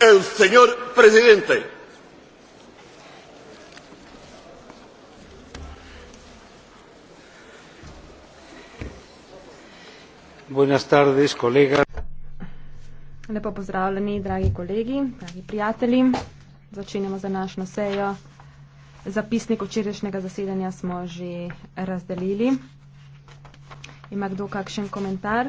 el señor presidente. Buenas tardes, colega. Lepo pozdravljeni, dragi kolegi, dragi prijatelji. Začenjamo za našo sejo. Zapisnik včerajšnjega zasedanja smo že razdelili. Ima kdo kakšen komentar?